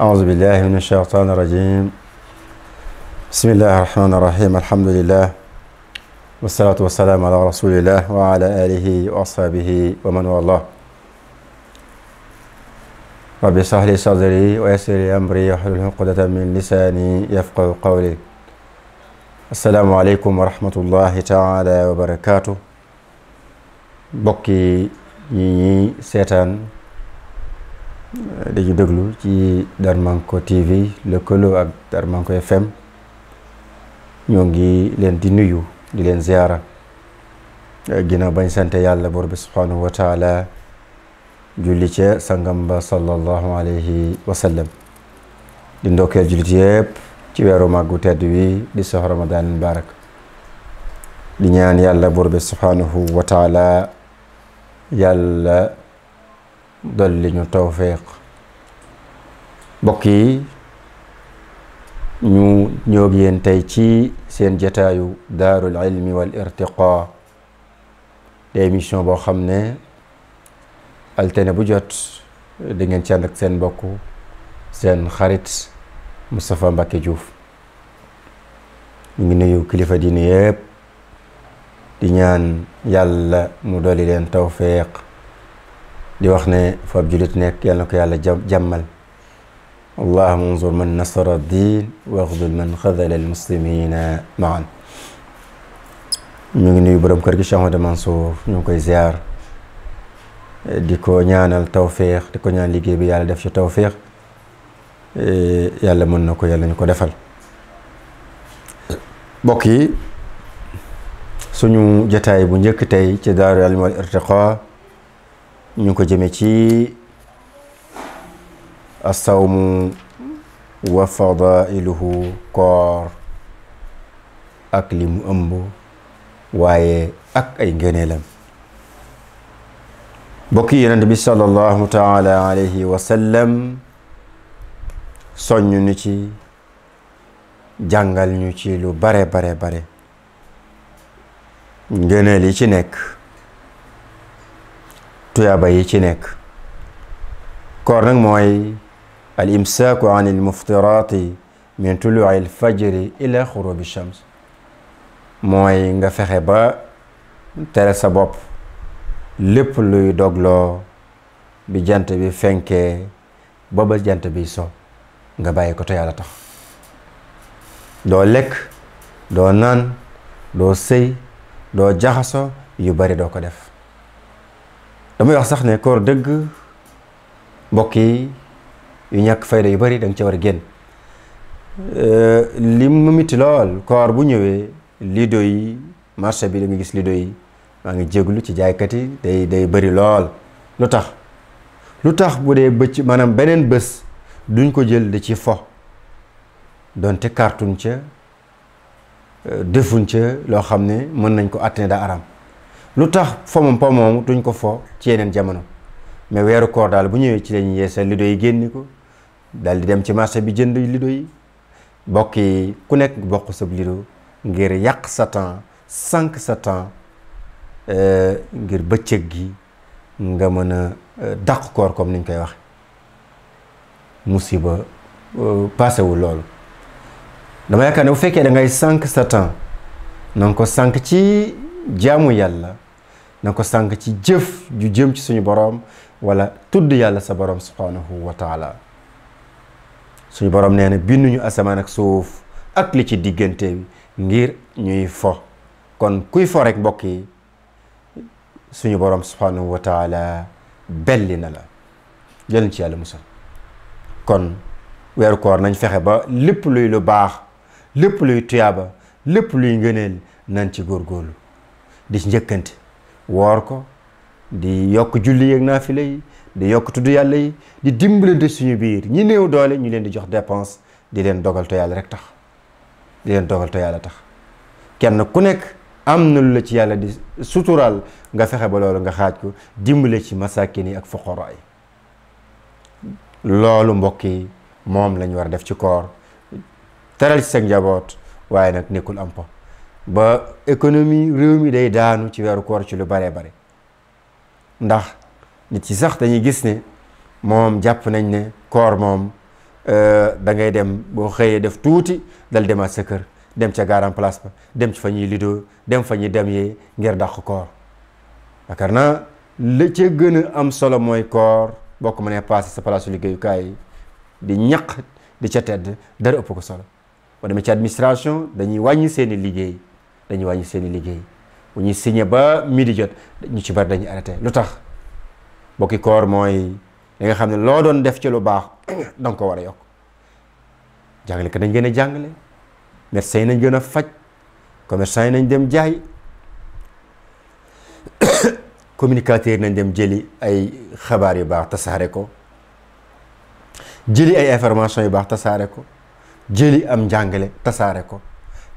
أعوذ بالله من الشيطان الرجيم بسم الله الرحمن الرحيم الحمد لله والصلاة والسلام على رسول الله وعلى آله وأصحابه ومن والله رب اشرح لي صدري ويسر لي أمري واحلل عقدة من لساني يفقه قولي السلام عليكم ورحمة الله تعالى وبركاته بكي ني ني سيتان di ci déglu ci manko TV lëkkaloo ak Darmanko FM ñoo ngi leen di nuyu di leen ziyaara ginnaaw bañ sant yàlla bor bi subhanahu julli ca sangam ba sallallahu alayhi wa sallam di ndokkeel jullit yëpp ci weeru màggu tedd wi di sox ramadan mubarak di ñaan yàlla bor bi subhanahu wa taala li ñu tawféex bokki ñu ñog yéen tay ci seen jataayu darul ilm wal irtiqa de émission bo xamne altene bu jot de ngeen ci ànd ak seen bokku seen xarit mustafa mbake Diouf ngi nuyu kilifa diine yeb di ñaan yàlla mu doli len tawféex di wax ne fab julit nekk yàlla na ko yàlla jàmmal allahuma unzur man nasara diin waxdul man xadala almuslimina maan ñu ngi nuyu borom kër gi Cheikh Mouhamed Mansour ñu ngi koy ziar di ko ñaanal tawféex di ko ñaan liggéey bi yàlla def ci tawféex yàlla mën na ko yàlla ñu ko defal mbokk yi suñu jataay bu njëkk tey ci daaru alim wal irtiqa ñu ko jëmee ci asawmu wa fadailuhu koor ak li mu ëmb waaye ak ay ngëneelam bokki yonent bi sallallahu taala alayhi wa sallam soññ ñu ci jàngal ñu ci lu bare bare bare ngëneel yi ci nekk tuyaaba yi ci nekk koor nag mooy al imsaaku an al muftiraati min nga fexe ba tere sa bop lépp luy doglo bi jant bi fenké ba ba jant bi so nga bayé ko tayala tax do lek do nan do sëy do jaxaso yu bari do ko def damay wax sax ne koor dëgg mbokk yi yu ñàkk fayda yu bari da nga war a génn li mu miti lool koor bu ñëwee lido yi marché bi da nga gis lido yi maa ngi jéglu ci jaaykat yi day day bari lool lu tax lu tax bu dee bëcc maanaam beneen bës duñ ko jël da ci fo donte kartuñ ca defuñ ca loo xam ne mën nañ ko àtte ne daa aram lutax fomom pomom duñ ko fo ci yenen jamono mais wéru koor dal bu ñëwee ci lañu yéssal lido yi génni ko di dem ci marché bi jënd lido yi bokki ku nekk bokk sa lido ngir yaq satan sank satan euh ngir bëccëg gi nga mëna euh, dakk koor comme niñ koy wax musiba euh, wu lool dama yakane bu da ngay sank satan nang ko sank ci jaamu yalla na ko sànq ci jëf ju jëm ci suñu boroom wala tudd yàlla sa borom subhaanahu wa taala suñu borom nee na binduñu asamaan ak suuf ak li ci diggante bi ngir ñuy fo kon kuy fo rek mbokk yi suñu boroom subhaanahu wa taala belli na la jëln ci yàlla musal kon weeru koor nañ fexe ba lépp luy lu baax lépp luy tuyaaba lépp luy ngëneel nañ ci góor góorlu di ci njëkkante woor ko di yokk julli naa naafile yi di yokk tudd yàlla yi di dimbalante suñu biir ñi néew doole ñu leen di jox dépense di leen dogal te yàlla rek tax di leen dogal te yàlla tax kenn ku nekk am na lu la ci yàlla di suturaal nga fexe ba loolu nga xaaj ko dimbale ci masakin yi ak foqora yi loolu mbokk yi moom lañu war a def ci koor teral ci seen njaboot waaye nag nekkul am ko ba économie réew mi day daanu ci weeru koor ci lu bare bare ndax nit ci sax dañuy gis ne moom jàpp nañ ne koor moom euh, da ngay dem boo xëyee def tuuti dal demaat sa kër dem ca garan place ba dem ci fa ñuy lidoo dem fa ñuy dem yee ngir dàq koor yaakaar naa la ca gën a am solo mooy koor boo ko mënee passé sa palaasu liggéeyukaay di ñaq di ca tedd dara ëpp ko solo ba demee ci administration dañuy wàññi seeni liggéey dañuy wàññi seen i liggéey bu ñuy signé ba midi jot ñu ci bari dañuy arrêté lu tax bokki koor mooy li nga xam ne loo doon def ci lu baax danga ko war a yokk jàngale kat dañ gën a jàngale médecin yi nañ gën a faj commerçant yi nañ dem jaay communicateur yi nañ dem jëli ay xabaar yu baax tasaare ko jëli ay information yu baax tasaare ko jëli am njàngale tasaare ko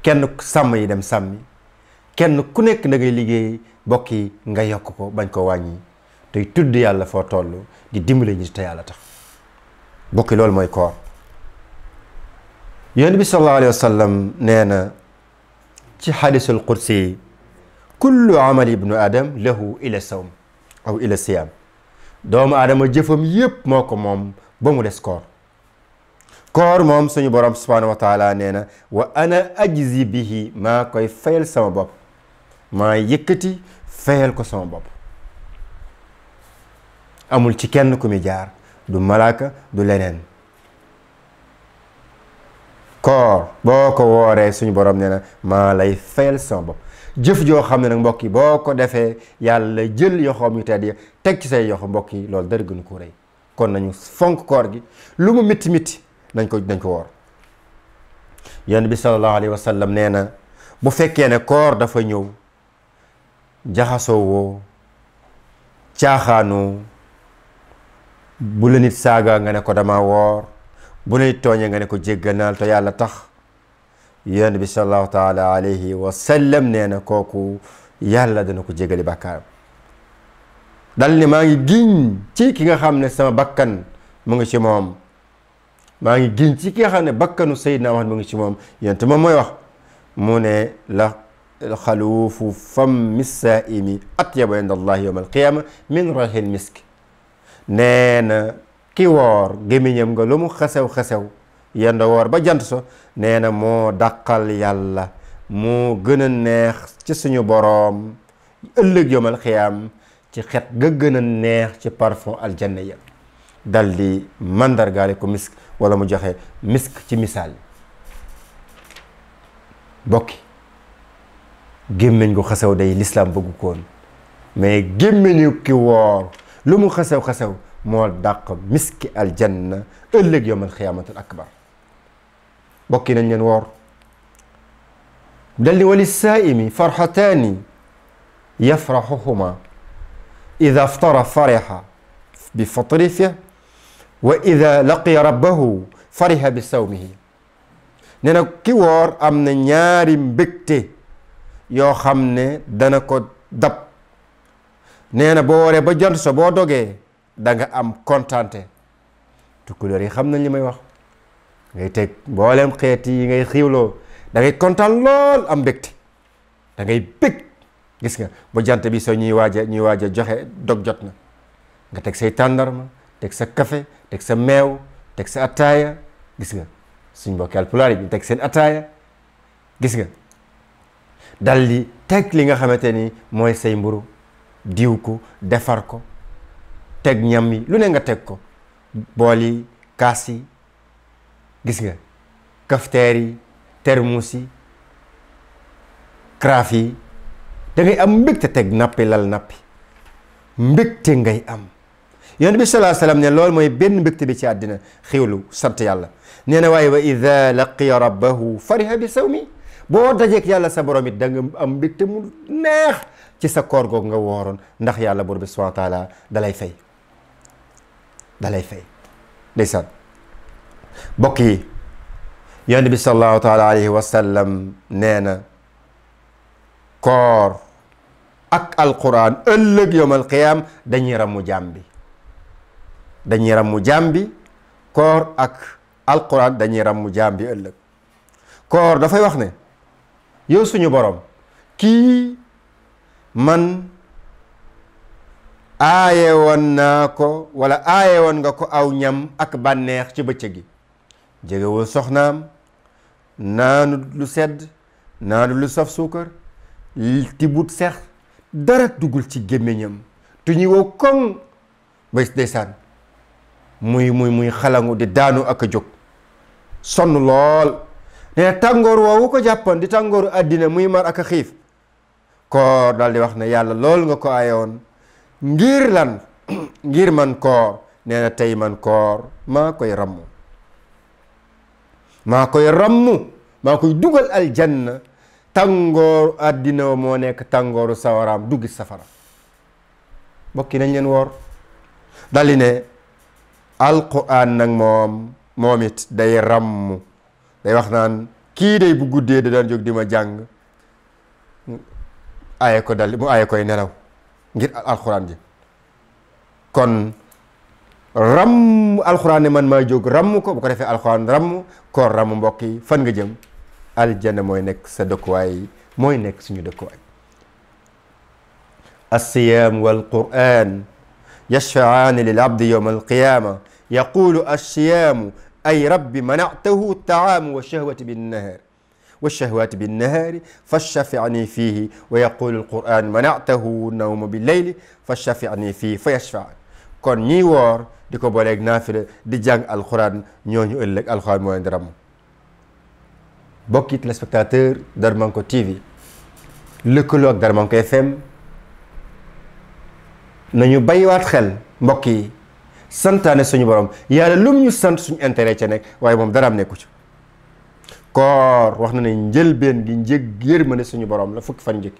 kenn sàmm yi dem sàmmi kenn ku nekk la ngay liggéey bokk yi nga yokk ko bañ ko wàññi tey tudd yàlla foo toll di dimbale ñi te yàlla tax bokki loolu mooy koor yonent bi sallallahu alayhi wa sallam nee na ci xadisul qudsi yi kullu amali ibnu adam lahu ila sawm aw ila siyaam doomu aadama jëfam yépp moo ko moom ba mu des koor كور موم سوني بروم سبحانه وتعالى نينا وانا اجزي به ما كوي فايل سما باب ما يكتي فايل كو سما باب امول تي كين كومي جار دو ملاكا دو لينين كور بوكو ووري سوني بروم نينا ما لاي فايل سما باب جيف جو خامي نك مبوكي بوكو ديفه يالا جيل يخوم يتادي تك سي يخو مبوكي لول درغنو كو كون نانيو فونك كور جي لومو ميتي ميتي nañ ko nañ ko woor yonent bi sallallahu alayhi wa nee na bu fekkee ne koor dafa ñëw jaxasoo woo caaxaanoo bu la nit saaga nga ne ko dama woor bu la nit tooñee nga ne ko jégganaal te yàlla tax yonent bi sallallahu taala alayhi wa nee na kooku yàlla dana ko jégali bàkkaaram dal ni maa ngi giñ ci ki nga xam ne sama bakkan mu ngi ci moom ماغي گينتي كي خاني بكنو سيدنا محمد مغي شي موم ينت مام موي واخ مون لا الخلوف فم السائم اطيب عند الله يوم القيامه من ريح المسك نانا كي وور گيمينيم گا لومو خسو خسو يند وور با جانت سو نانا مو داقال يالا مو گنا نيه سي سونو بوروم الگ يوم القيامه تي خيت گنا نيه سي بارفون الجنه dal di mandargaale ko misk wala mu joxe misk ci misaal bokki gémmiñ gu xasaw day lislaam bëgg koon mais gémmiñu ki woor lu mu xasaw-xasaw moo dàq miski aljanna ëllëg yowmal xiyaamatul akbar bokki nañ leen woor dal di wali saaimi farxataani yafraxuhuma ida aftara farixa bi wa ida laqiya rabbahu fariha bi sawmihi ne na ki woor am na ñaari mbégte yoo xam ne dana ko dab nee na boo wooree ba jant sa boo dogee danga am kontaante tukkuleer yi xam nañ li may wax ngay teg mboolem xeet yi ngay xiiwloo dangay kontaan lool am mbégte dangay ngay gis nga ba jant bi soo ñuy waaja ñuy waaj a joxe dog jot na nga teg say tàndarma teg sa kafe tek sa mew tek sa ataya gis nga suñu bokk alpulaar yi ñu tek seen ataya gis nga dal li tek li nga xamanteni moy mooy say mburu diw ko defar ko tek ñam yi lu ne nga tek ko boli kasi gis nga kafteri krafi da ngay am tek nappi lal nappi mbégte ngay am yonent bi salaa salaam ne loolu mooy benn mbégte bi ci àddina xéwlu sant yàlla nee waaye wa ida laqiya rabbahu fariha bi sawmi boo dajeek yàlla sa boromit it da am mbégte mu neex ci sa koor googu nga wooroon ndax yàlla buur bi subhaanahu dalay fay dalay fay ndeysaan bokk yi yonent bi salallaahu taala alayhi wa sallam nee na koor ak alquran ëllëg yowm alqiyam dañuy ramu jaam bi dañuy ramu jambi koor ak alquran dañuy ramu jambi bi koor da fay wax ne yow suñu borom ki man aaye won na ko wala aaye won nga ko aw ñam ak banex ci bëccëg gi jegewul soxnaam naanu lu sedd naanu lu saf suukar tibut sex dara dugul ci gémmiñam tu ñi wo kong bay desane muy muy muy xalangu di daanu ak jog jóg lol ne tangor tàngoor ko jappan di tangor adina muy mar ak xif ko dal di wax ne yalla lol nga ko ayewon ngir lan ngir man ko nee tay man ko ma koy ram ma koy ram ma koy dugal al janna tangor adina mo nek tangoru sawaram duggi safara bokki nañ len wor dal alquran Quran nang mom, momit day ram day wax nan ki day bu guddee da dan jog di ma ay ko dal mu ay koy nelaw ngir alquran ji kon ram alquran ne man ma jog ram ko bu ko defee alquran ram ko ram mbokk yi fan nga jëm aljanna moy nek sa way moy nek suñu as-siyam wal quran يشفعان للعبد يوم القيامة يقول الصيام أي رب منعته الطعام والشهوة بالنهار والشهوات بالنهار فاشفعني فيه ويقول القرآن منعته النوم بالليل فاشفعني فيه فيشفع كون ñiy ديكو بوليك نافل دي جان القرآن jàng alxuraan ñooñu ëllëg موين mooy بوكيت لسبكتاتير درمانكو تيفي لكلوك درمانكو ak Darmanko nañu bàyyiwaat xel mbokk yi santaane suñu borom yàlla lum ñu sant suñu intérêt ca nekk waaye moom am nekku ci koor wax na ne njëlbeen gi njëg ne suñu borom la fukki fan njëkk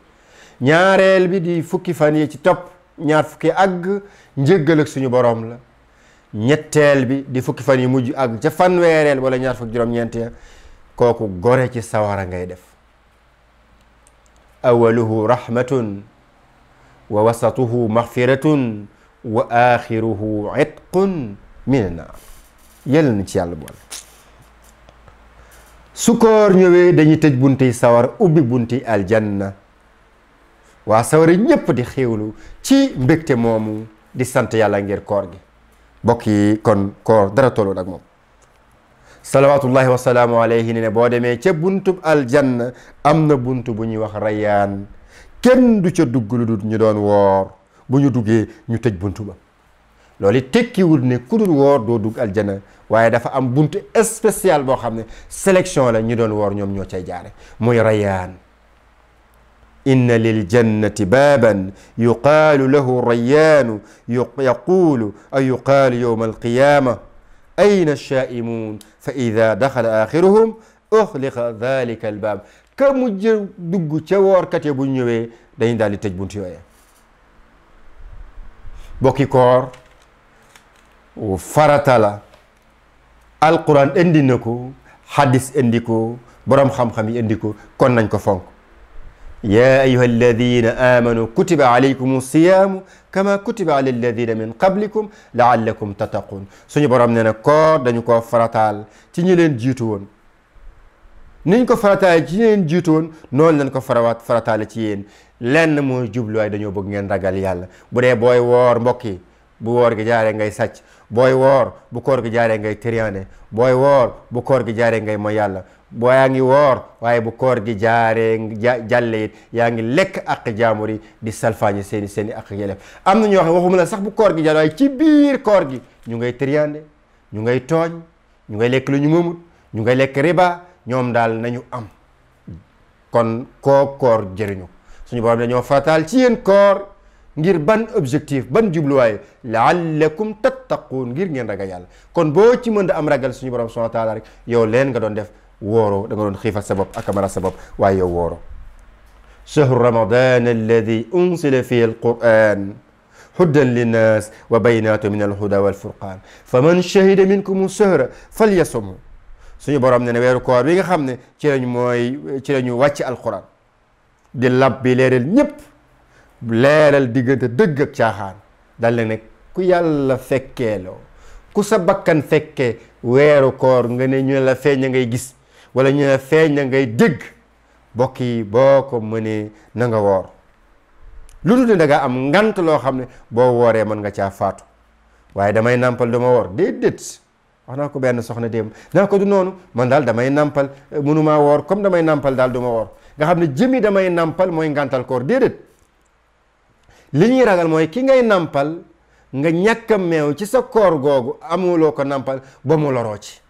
ñaareel bi di fukki fan yi ci topp ñaar fukki ag njëggal ak suñu borom la ñetteel bi di fukki fan yi mujj àgg ca fanweereel wala ñaar fukki juróom-ñeent ya kooku gore ci sawara ngay def awaluhu rahmatun wa wasatuhu maxfiratun wa axiruhu itqun mina naar yàlla ci yàlla boole su koor ñëwee dañuy tëj bunti sawar ubbi bunti aljanna waa sawar ñépp di xéewlu ci mbégte moomu di sant yàlla ngir koor gi bokk yi kon koor dara tolloon ak moom salawaatullahi wasalaamu alayhi ne boo demee ca buntub aljanna am na bunt bu ñuy wax rayaan kenn du ca dugg lu dul ñu doon woor bu ñu duggee ñu tëj bunt ba loolu tekkiwul ne ku dul woor doo dugg aljana waaye dafa am buntu spécial boo xam ne sélection la ñu doon woor ñoom ñoo cay jaare muy rayaan inna lil jannati baaban yuqaalu lahu rayaanu yaquulu ay yuqaalu yowma alqiyaama ayna shaa'imuun fa ida daxala axiruhum uxliqa dalika albaab ka mujj dugg ca woorkat ya bu ñëwee dañu daal di tej bunt yooya bokki koor farata la alquran indi na ko xadis indi ko boroom xam-xam yi ko kon nañ ko fonk ya ayuha alladina amanu kutiba alaykum siyaamu kama kutiba ala alladina min qablikum laallakum tattaqun suñu borom nee na koor dañu ko farataal ci ñi leen jiitu woon niñ ko farataale ci leen jiitoon noonu lañ ko farawaat farataale ci yéen lenn mooy jubluwaay dañoo bëgg ngeen ragal yàlla bu dee booy woor mbokk yi bu woor gi jaaree ngay sàcc booy woor bu koor gi jaaree ngay tiriyaane booy woor bu koor gi jaaree ngay mooy yàlla boo yaa ngi woor waaye bu koor gi jaaree jàlle it yaa ngi lekk ak jaamur yi di salfaañi seeni seeni ak yelef am na ñoo xam waxuma sax bu koor gi jaaree waaye ci biir koor gi ñu ngay tiriyaande ñu ngay tooñ ñom dal nañu am kon ko koor jëriñu suñu borom dañu fatal ci yéen koor ngir ban objectif ban djublu way laallakum tattaqun ngir ngeen ragal yàlla kon bo ci mënd am ragal suñu borom subhanahu wa taala rek yow leen nga doon def woro da nga doon xiifal sa bopp ak amara sa bopp waaye yow woro شهر رمضان الذي أنزل فيه القرآن هدى للناس وبينات من الهدى والفرقان فمن شهد منكم الشهر فليصمه suñu borom ne ne weeru koor bi nga xam ci lañu moy ci lañu wacc alquran di lab bi leeral ñepp leeral digënté dëgg ak caaxaan dal na nek ku yalla lo ku sa bakkan wéru koor nga ne ñu la feñ ngay gis wala ñu la feñ ngay dégg bokki boko mëne na nga wor lu nga am ngant lo xam bo woré man nga ca faatu waye damay nampal duma wor dedet wax naa ko benn soxna démb naa ko du noonu man daal damay nampal eh, mënumaa woor comme damay nàmpal daal du ma woor nga xam ne jëmi damay nàmpal mooy ngàntal koor déedéet li ñuy ragal mooy ki ngay nàmpal nga ñàkk a meew ci sa koor googu amuloo ko nampal ba mu loroo ci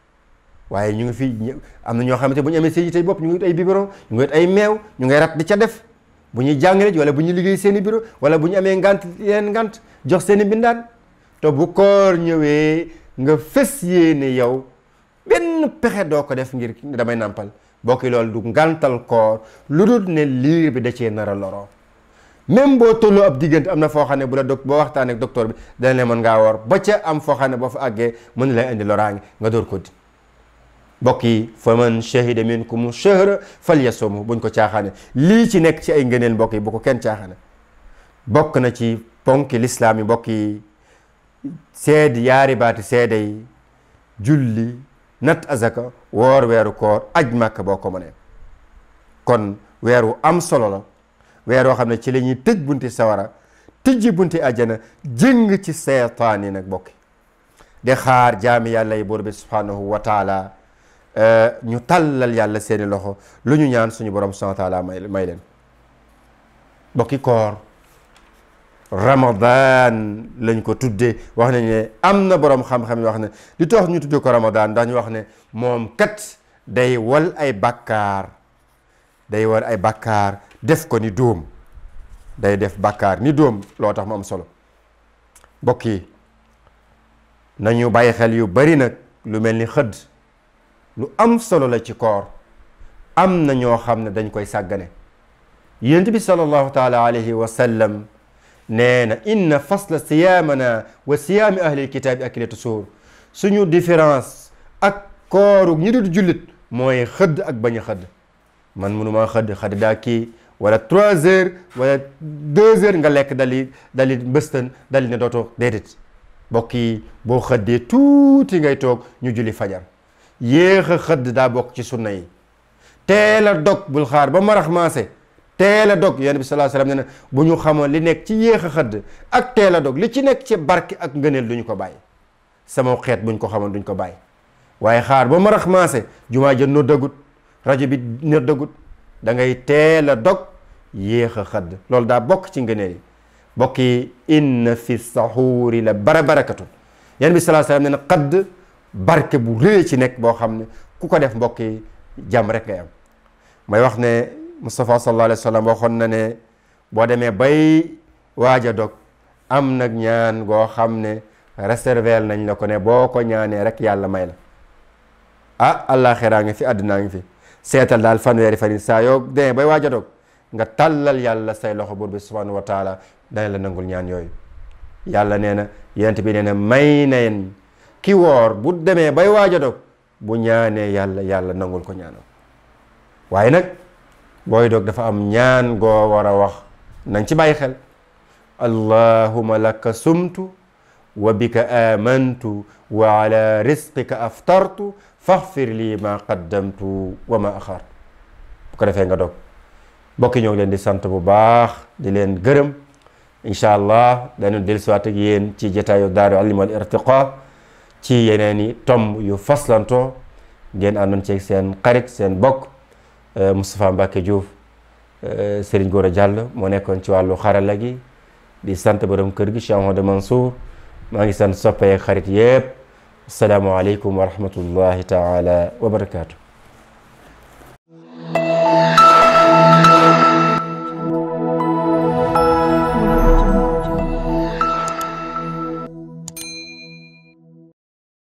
waaye ñu ngi fi am na ñoo xamante bu ñu amee seen tey bopp ñu ngi ay biberon ñu ngi ay meew ñu ngay rat di ca def bu ñuy jàngale wala bu ñuy liggéey seen i bureau wala bu ñu amee ngant yeneen ngant jox seen i mbindaan bu koor ñëwee nga fës yéene yow benn pexe doo ko def ngir damay nàmpal bokki loolu du ngàntal koor lu dul ne liir bi da cee nar a loroo même boo tolloo ab diggante am na foo xam ne bu la doc boo waxtaanee ak bi dana ne mën ngaa woor ba ca am foo xam ne boo fa àggee mën na lay indi loraange nga door ko di mbokk yi fa man shahida minkum shahra falyasumhu buñ ko caaxaane lii ci nekk ci ay ngëneel mbokk yi bu ko kenn caaxaane bokk na ci ponki lislaam yi mbokk yi seed yaari baati seede yi julli natt azaka woor weeru koor aj makk boo ko mënee kon weer wu am solo la weer woo xam ne ci lañuy tëj bunti sawara tijji bunti ajjana jëng ci seetaan yi nag bokki di xaar jaami yàlla yi buur bi subhanahu wa taala euh, ñu tàllal yàlla seeni loxo lu ñu ñaan suñu borom subhanahu wa taala may may leen bokki koor رمضان لن تدي وحنا أمنا برام خام خام وحنا دي نيو تدي رمضان دان وحنا موم كت داي وال أي بكار داي وال أي بكار دف كو ني دوم داي دف بكار ني دوم لو تخ مام سولو بوكي نانيو باي خال يو بري نك لو ملني خد لو ام سولو لا تي كور امنا ньо خامن دنج كوي ساغاني يونتبي صلى الله تعالى عليه وسلم neena inna fasla siyaamana wa siyaami ahlil kitaabi akilatu suur suñu différence ak kooru ñi dul jullit mooy xëdd ak bañ a xëdd man mënumaa xëdd xëdd daa kii wala trois heures wala deux heures nga lekk dali dali mbëstan dali ne dootoo déedéet bokk yi boo xëddee tuuti ngay toog ñu julli fajar yéex a xëdd daa bokk ci sunna yi teel a dog bul xaar ba marax maase téla dog yéen bi sallallahu alayhi wasallam ne buñu xamoon li nekk ci yéex a ak téla dog li ci nekk ci barki ak ngeenel duñ ko bàyyi sama xet buñ ko xamoon duñ ko bàyyi waye xaar ba ma raxmasé juma je no degut radio bi ne degut da ngay téla dog da bok ci ngeenel fi sahuri la bara barakatu yéen bi sallallahu alayhi wasallam ne qad barke bu rëy ci nekk bo xamne def mbokki jam rek ngay am may wax ne Moustapha sallallahu alayhi wa sallam na ne boo demee bay waaja dog am nag ñaan goo xam ne réservel nañ la ko ne boo ko ñaanee rek yàlla may la ah àllaaxiraa ngi fi àddinaa ngi fi seetal daal fanweeri fan yi saa yoo demee bay waaj dog nga tàllal yàlla say loxo buur bi subhanahu wa dana la nangul ñaan yooyu yàlla nee na yent bi nee na may nañ ki woor bu demee bay waaj dog bu ñaanee yàlla yàlla nangul ko ñaanam waaye nag booy doog dafa am ñaan goo war a wax nañ ci bàyyi xel allahuma laka sumtu wa bika amantu wa ala risqika aftartu faxfir lii ma qaddamtu wa ma axartu bu ko defee nga dog mbokki ñoo leen di sant bu baax di leen gërëm incha allah dañu dellusiwaat ak yéen ci jataayu daaru alim wal irtiqa ci yeneen i tomb yu faslantoo ngeen nañ ci seen xarit seen bokk Euh, Moustapha Mbacke Diouf euh, Serigne Gora Diallo moo nekkoon ci wàllu xarala gi di sant borom kër gi Cheikh Mouhamadou Mansour maa ngi sant soppeek xarit yëpp salaamaaleykum wa rahmatullahi taala wa barakaatu.